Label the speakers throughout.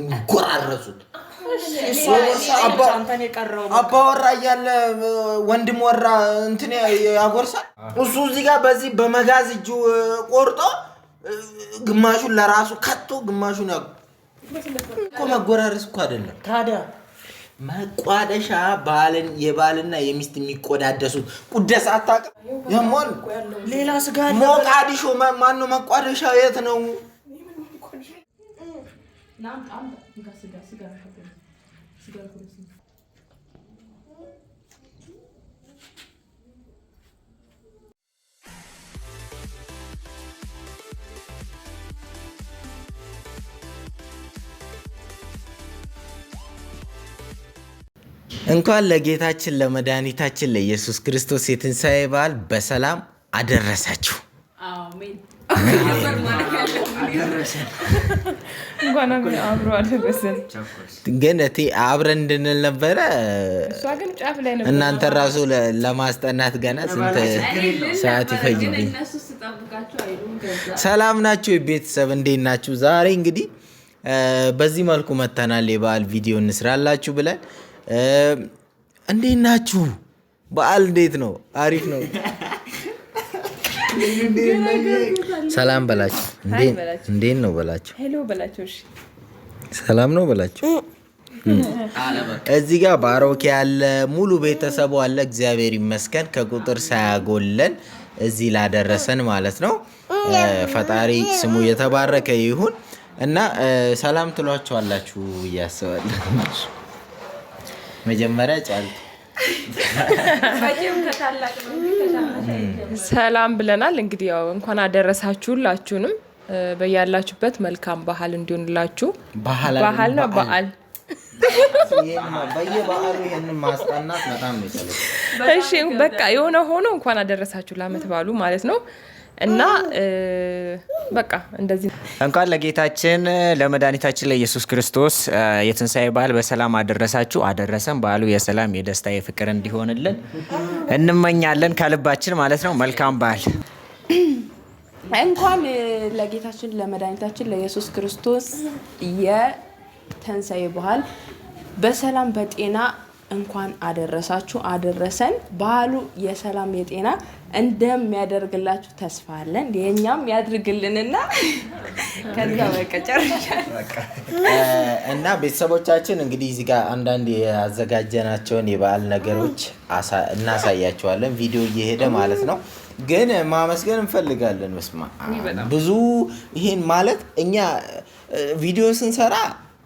Speaker 1: የሚጎራረሱት አባወራ እያለ ወንድም ወራ እንትን ያጎርሳል። እሱ እዚህ ጋር በዚህ በመጋዝ እጁ ቆርጦ ግማሹን ለራሱ ከቶ ግማሹን ያ እኮ መጎራረስ እኮ አይደለም። ታዲያ መቋደሻ ባልን የባልና የሚስት የሚቆዳደሱት ቁደስ አታውቅም። የሞን ሌላ ስጋ ሞቃዲሾ ማነው መቋደሻ የት ነው? እንኳን ለጌታችን ለመድኃኒታችን ለኢየሱስ ክርስቶስ የትንሣኤ በዓል በሰላም አደረሳችሁ።
Speaker 2: አደረሰን። እንኳን አብሮ አደረሰን።
Speaker 1: ግን አብረን እንድንል ነበረ። እናንተ ራሱ ለማስጠናት ገና ስንት ሰዓት ይፈጅብኝ። ሰላም ናችሁ ቤተሰብ፣ እንዴት ናችሁ? ዛሬ እንግዲህ በዚህ መልኩ መተናል። የበዓል ቪዲዮ እንስራላችሁ ብለን እንዴት ናችሁ? በዓል እንዴት ነው? አሪፍ ነው ሰላም በላቸው። እንዴት ነው በላችሁ? ሰላም ነው በላችሁ። እዚህ ጋር ባሮክ ያለ ሙሉ ቤተሰቡ አለ። እግዚአብሔር ይመስገን ከቁጥር ሳያጎለን እዚህ ላደረሰን ማለት ነው። ፈጣሪ ስሙ የተባረከ ይሁን እና ሰላም ትሏቸዋላችሁ እያስባለሁ መጀመሪያ ጫልቱ
Speaker 2: ሰላም ብለናል። እንግዲህ ያው እንኳን አደረሳችሁ ሁላችሁንም በያላችሁበት መልካም ባህል እንዲሆንላችሁ። ባህል ነው በዓል በየበዓሉ በጣም እሺ በቃ የሆነ ሆኖ እንኳን አደረሳችሁ ላመት በዓሉ ማለት ነው። እና በቃ እንደዚህ
Speaker 1: እንኳን ለጌታችን ለመድኃኒታችን ለኢየሱስ ክርስቶስ የትንሣኤ በዓል በሰላም አደረሳችሁ አደረሰን። በዓሉ የሰላም የደስታ የፍቅር እንዲሆንልን እንመኛለን ከልባችን ማለት ነው። መልካም በዓል።
Speaker 2: እንኳን ለጌታችን ለመድኃኒታችን ለኢየሱስ ክርስቶስ የትንሣኤ በዓል በሰላም በጤና እንኳን አደረሳችሁ አደረሰን። ባህሉ የሰላም የጤና እንደሚያደርግላችሁ ተስፋ አለን። የእኛም ያድርግልንና ከዛ በቀጨረሻ
Speaker 1: እና ቤተሰቦቻችን እንግዲህ እዚህ ጋር አንዳንድ ያዘጋጀናቸውን የበዓል ነገሮች እናሳያቸዋለን። ቪዲዮ እየሄደ ማለት ነው። ግን ማመስገን እንፈልጋለን። ስማ ብዙ ይሄን ማለት እኛ ቪዲዮ ስንሰራ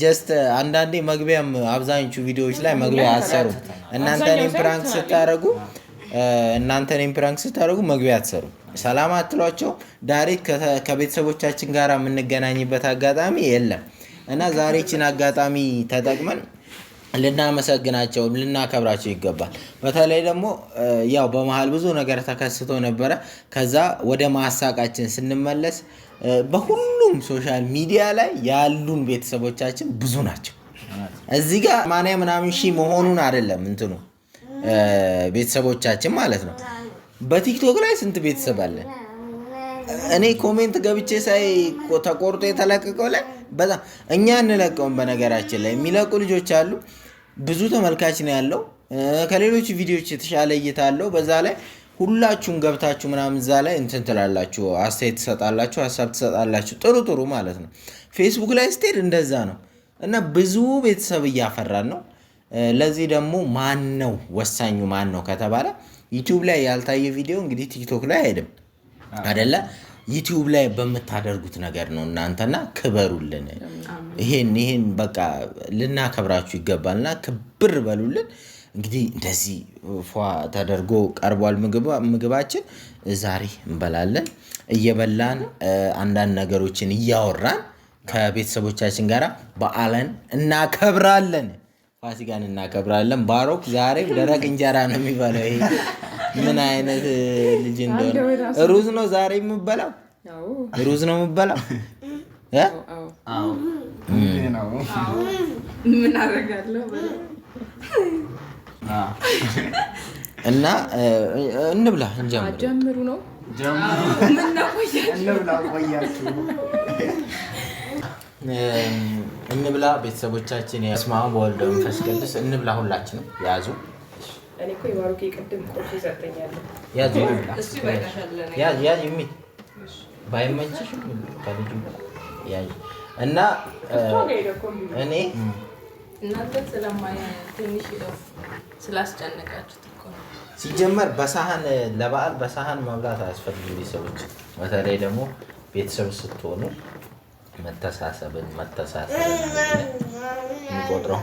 Speaker 1: ጀስት uh, አንዳንዴ መግቢያም አብዛኞቹ ቪዲዮዎች ላይ መግቢያ እናንተ እናንተን ፕራንክ ስታደረጉ እናንተን ፕራንክ ስታደረጉ መግቢያ አትሰሩ ሰላም አትሏቸው። ዳይሬክት ከቤተሰቦቻችን ጋር የምንገናኝበት አጋጣሚ የለም እና ዛሬችን አጋጣሚ ተጠቅመን ልናመሰግናቸው ልናከብራቸው ይገባል። በተለይ ደግሞ ያው በመሀል ብዙ ነገር ተከስቶ ነበረ። ከዛ ወደ ማሳቃችን ስንመለስ በሁሉም ሶሻል ሚዲያ ላይ ያሉን ቤተሰቦቻችን ብዙ ናቸው። እዚህ ጋር ማንያ ምናምን ሺህ መሆኑን አይደለም እንትኑ ቤተሰቦቻችን ማለት ነው። በቲክቶክ ላይ ስንት ቤተሰብ አለን? እኔ ኮሜንት ገብቼ ሳይ ተቆርጦ የተለቀቀው ላይ በጣም እኛ እንለቀውም። በነገራችን ላይ የሚለቁ ልጆች አሉ። ብዙ ተመልካች ነው ያለው። ከሌሎች ቪዲዮዎች የተሻለ እይታ አለው። በዛ ላይ ሁላችሁም ገብታችሁ ምናምን እዛ ላይ እንትን ትላላችሁ፣ አስተያየት ትሰጣላችሁ፣ ሀሳብ ትሰጣላችሁ። ጥሩ ጥሩ ማለት ነው። ፌስቡክ ላይ ስትሄድ እንደዛ ነው እና ብዙ ቤተሰብ እያፈራን ነው። ለዚህ ደግሞ ማን ነው ወሳኙ? ማን ነው ከተባለ ዩቲዩብ ላይ ያልታየ ቪዲዮ እንግዲህ ቲክቶክ ላይ አይሄድም አደለ? ዩቲዩብ ላይ በምታደርጉት ነገር ነው። እናንተና ክበሩልን። ይሄን ይሄን በቃ ልናከብራችሁ ይገባልና ክብር በሉልን። እንግዲህ እንደዚህ ፏ ተደርጎ ቀርቧል ምግባችን። ዛሬ እንበላለን። እየበላን አንዳንድ ነገሮችን እያወራን ከቤተሰቦቻችን ጋር በዓልን እናከብራለን። ፋሲካን እናከብራለን። ባሮክ ዛሬ ደረቅ እንጀራ ነው የሚበላው። ምን አይነት ልጅ እንደሆነ ሩዝ ነው ዛሬ የምበላው፣ ሩዝ ነው የምበላው። ምን እና እንብላ
Speaker 2: እንጀምሩ ነው
Speaker 1: እንብላ ቤተሰቦቻችን፣ በስመ አብ ወወልድ ወመንፈስ ቅዱስ እንብላ። ሁላችንም ያዙ
Speaker 2: እኔ ከልጁ
Speaker 1: ያዥ እና እኔ
Speaker 2: እናንተ ትንሽ ስላስጨነቃችሁት እኮ ነው።
Speaker 1: ሲጀመር በሳህን ለበዓል በሳህን መብላት አያስፈልግም። ሰዎች በተለይ ደግሞ ቤተሰብ ስትሆኑ መተሳሰብን መተሳሰብን የሚቆጥረው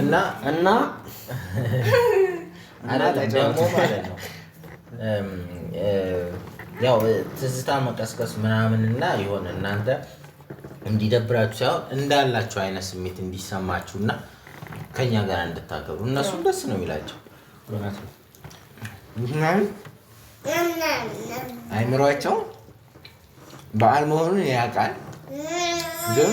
Speaker 1: እና እና ማለት ነው ያው ትዝታ መቀስቀስ ምናምን እና የሆነ እናንተ እንዲደብራችሁ ሳይሆን እንዳላችሁ አይነት ስሜት እንዲሰማችሁ እና ከኛ ጋር እንድታገሩ እነሱም ደስ ነው የሚላቸው። አይምሯቸው በዓል መሆኑን ያውቃል ግን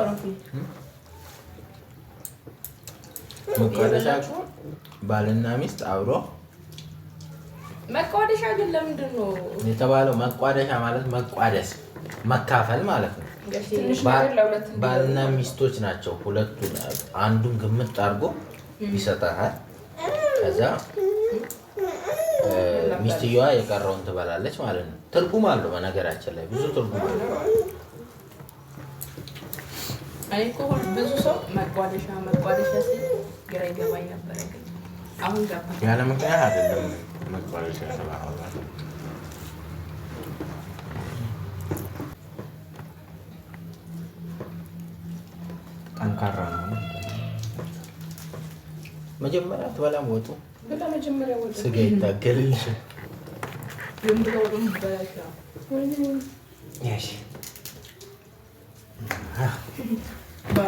Speaker 1: ቆረኩኝ። መቋደሻችሁ ባልና ሚስት አብሮ
Speaker 2: መቋደሻ ግን ለምንድን ነው
Speaker 1: የተባለው? መቋደሻ ማለት መቋደስ መካፈል ማለት ነው። ባልና ሚስቶች ናቸው ሁለቱ። አንዱን ግምት አድርጎ ይሰጠሃል። ከዛ ሚስትየዋ የቀረውን ትበላለች ማለት ነው። ትርጉም አለው። በነገራችን ላይ ብዙ ትርጉም አለው።
Speaker 2: እኔ እኮ ብዙ ሰው መቋደሻ መቋደሻ ሲል ግራ ይገባኝ ነበረ፣ ግን አሁን ገባኝ።
Speaker 1: ያለ ምክንያት አይደለም መቋደሻ የተባለው ጠንካራ ነው። መጀመሪያ አትበላም ወጡ ስጋ ይታገልልሽ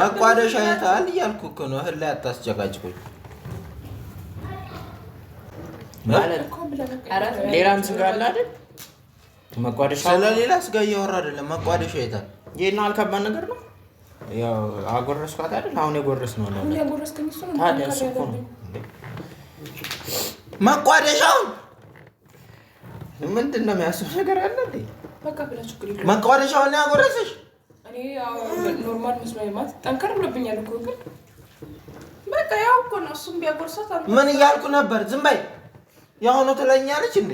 Speaker 1: መቋደሻ ይታል እያልኩ እኮ ነው። እህል ላይ አታስጨቃጭቁኝ።
Speaker 2: ሌላም ስጋ አለ አይደል?
Speaker 1: መቋደሻ ስለሌላ ስጋ እያወራ አይደለም። መቋደሻ አይተሃል። ይህን አልከባድ ነገር ነው። አጎረስኳት አይደል? አሁን የጎረስ ነው
Speaker 2: ታዲያ። እሱ
Speaker 1: ነው መቋደሻውን ምንድን ነው የሚያስብ ነገር አለ መቋደሻውን ያጎረሰሽ
Speaker 2: ኖርማል መስሎኝ ማለት ጠንከር ብሎብኛል እኮ ግን በቃ ያው እኮ ነው። እሱም ቢያጎርሳት
Speaker 1: ምን እያልኩ ነበር? ዝም በይ። ያው ነው ትለኛለች እንዴ?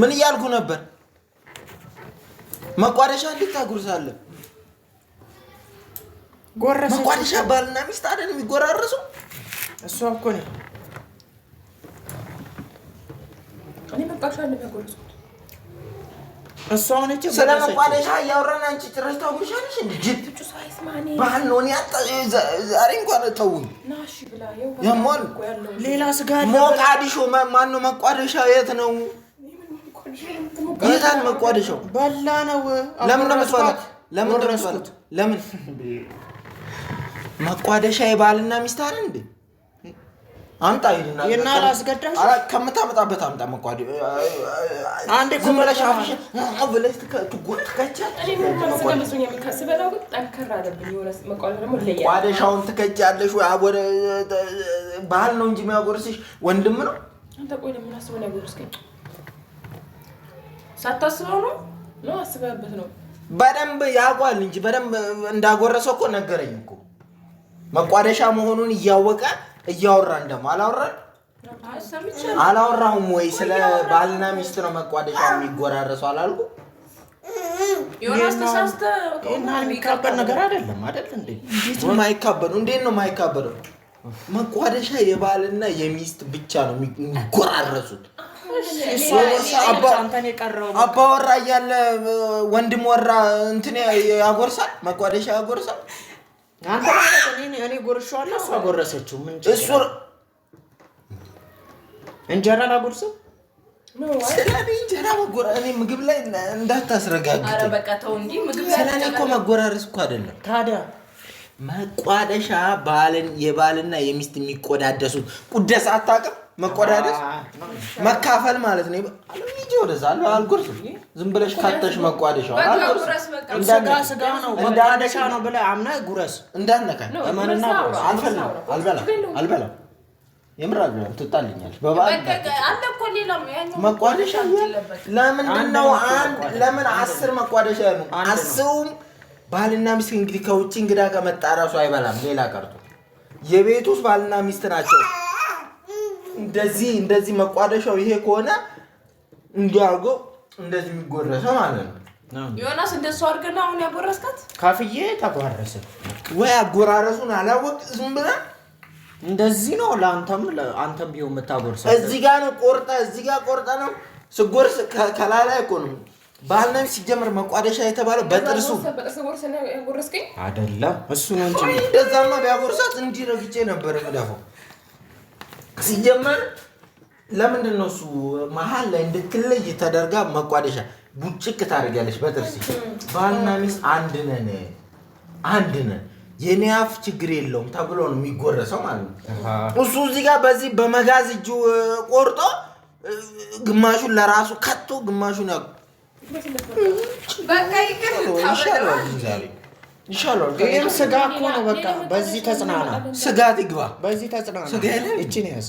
Speaker 1: ምን እያልኩ ነበር? መቋደሻ እንዴት ታጎርሳለህ? ጎረሰ። መቋደሻ ባልና ሚስት አይደል የሚጎራረሱ? እሷ እኮ ነው እኔ እሷ ሆነች ስለመቋደሻ እያወራን አንቺ ጭራሽ ታውሻለሽ። እንድጅት ባህል ነው። ዛሬ እንኳን ተውኝ። የማን ሌላ ስጋ ሞቃዲሾ ማነው? መቋደሻ የት ነው? የታል መቋደሻው? በላ ነው። ለምን መስዋዕት? ለምን መስዋዕት? ለምን መቋደሻ የባልና ሚስት አይደል እንዴ? አምጣ ይልና
Speaker 2: የና አላስገዳሽ
Speaker 1: ከምታመጣበት አምጣ። መቋዲ አንዴ ኩመለሽ አፍሽ አብለሽ ትከቻለሽ። ወደ ባህል ነው እንጂ የሚያጎርስሽ ወንድም ነው።
Speaker 2: አንተ ቆይ ለምን አስበው ነው ያጎርስከኝ? ሳታስበው ነው ነው አስበህበት ነው።
Speaker 1: በደንብ ያውቋል እንጂ በደንብ እንዳጎረሰው እኮ ነገረኝ እኮ መቋደሻ መሆኑን እያወቀ እያወራ እንደማ አላወራን አላወራሁም ወይ? ስለ ባልና ሚስት ነው መቋደሻ የሚጎራረሱ አላልኩ? የሚካበድ ነገር አይደለም አይደል? እንዴ ማይካበዱ እንዴት ነው ማይካበዱ መቋደሻ የባልና የሚስት ብቻ ነው የሚጎራረሱት። አባወራ እያለ ወንድም ወራ እንትን ያጎርሳል፣ መቋደሻ ያጎርሳል።
Speaker 2: አንተ እኔ ጎርሼዋለሁ፣
Speaker 1: እሷ ጎረሰችው። ምን እሱ እንጀራ ላጎርሰው ስለዚህ እንጀራ እኔ ምግብ ላይ እንዳታስረጋግጥ። ኧረ በቃ ስለኔ እኮ መጎራረስ እኮ አይደለም። ታዲያ መቋደሻ ባልን የባልና የሚስት የሚቆዳደሱት ቁደስ አታውቅም? መቆዳደስ መካፈል ማለት ነው። ወደዛ አልጎርስም። ዝም ብለሽ ካተሽ መቋደሻ መቋደሻ ነው ብለህ አምነህ ጉረስ እመንና አልበላም አልበላም። ትጣልኛለሽ። መቋደሻ ለምንድን ነው? ለምን አስር መቋደሻ ባልና ሚስት እንግዲህ ከውጭ እንግዳ ከመጣ ራሱ አይበላም። ሌላ ቀርቶ የቤት ውስጥ ባልና ሚስት ናቸው። እንደዚህ እንደዚህ መቋደሻው ይሄ ከሆነ እንዲያርጎ እንደዚህ የሚጎረሰ ማለት
Speaker 2: ነው። ዮናስ እንደሱ አድርገና አሁን ያጎረስካት
Speaker 1: ካፍዬ ተጓረሰ ወይ አጎራረሱን አላወቅ ዝም ብለህ እንደዚህ ነው። ለአንተም አንተም ቢሆን የምታጎርሰ እዚህ ጋ ነው ቆርጠ እዚህ ጋ ቆርጠ ነው ስጎርስ ከላላ እኮ ነው ባህልና ሲጀምር መቋደሻ የተባለው በጥርሱ አይደለም። እሱ ነው እንጂ እንደዛማ ቢያጎርሳት እንዲህ ረግጬ ነበር የምደፋው ሲጀመር ለምንድን ነው እሱ መሀል ላይ እንድትለይ ተደርጋ መቋደሻ ቡጭቅ ታደርጊያለሽ በጥርስ ባልና ሚስት አንድ ነን አንድ ነን የኔ አፍ ችግር የለውም ተብሎ ነው የሚጎረሰው ማለት ነው እሱ እዚህ ጋር በዚህ በመጋዝ እጁ ቆርጦ ግማሹን ለራሱ ከቶ ግማሹን ያ ይሻላል ግን ስጋ እኮ ነው በቃ በዚህ ተጽናና ስጋት ይግባ። በዚህ ተጽናና ስጋ ይችን ያዝ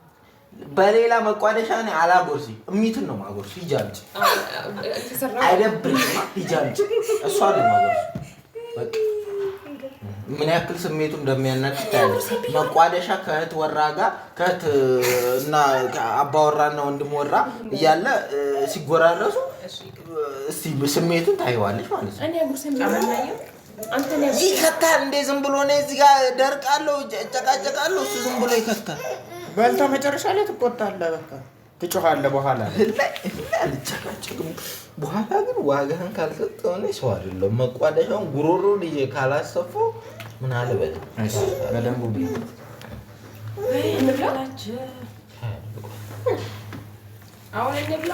Speaker 1: በሌላ መቋደሻ እኔ አላጎርሲ እሚትን ነው ማጎርሲ። ሂጂ አምጪ፣ አይደብርም። ሂጂ አምጪ፣ እሷ ነው ማጎርሲ። በቃ ምን ያክል ስሜቱ እንደሚያናድ ታያለሽ። መቋደሻ ከእህት ወራ ጋር ከእህት እና አባወራ እና ወንድም ወራ እያለ ሲጎራረሱ እስቲ ስሜቱን ታይዋለሽ ማለት ነው። ይከታል እንዴ! ዝም ብሎ እኔ እዚህ ጋር ደርቃለሁ፣ እጨቃጨቃለሁ፣ እሱ ዝም ብሎ ይከታል። በልታ መጨረሻ ላይ ትቆጣለህ። በቃ ትጮኻለህ። በኋላ አልጨቃጨቅም። በኋላ ግን ዋጋህን ካልሰጠው እኔ ሰው አይደለሁም። መቋደሻውን ጉሮሮ ልዬ ካላሰፋው ምን አለ በደንቡ
Speaker 2: አሁን እንብላ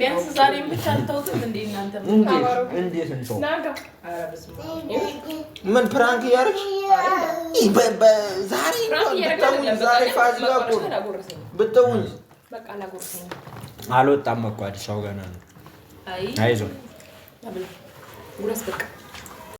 Speaker 2: ቢያንስ ዛሬም ብቻ አልተውትም እናንተ
Speaker 1: እንዴት እንተው? ምን ፕራንክ እያደረግሽ ዛሬ ዛሬ ፋዚላ ብትውኝ አልወጣም። መኳድ ሰው ገና ነው። አይዞህ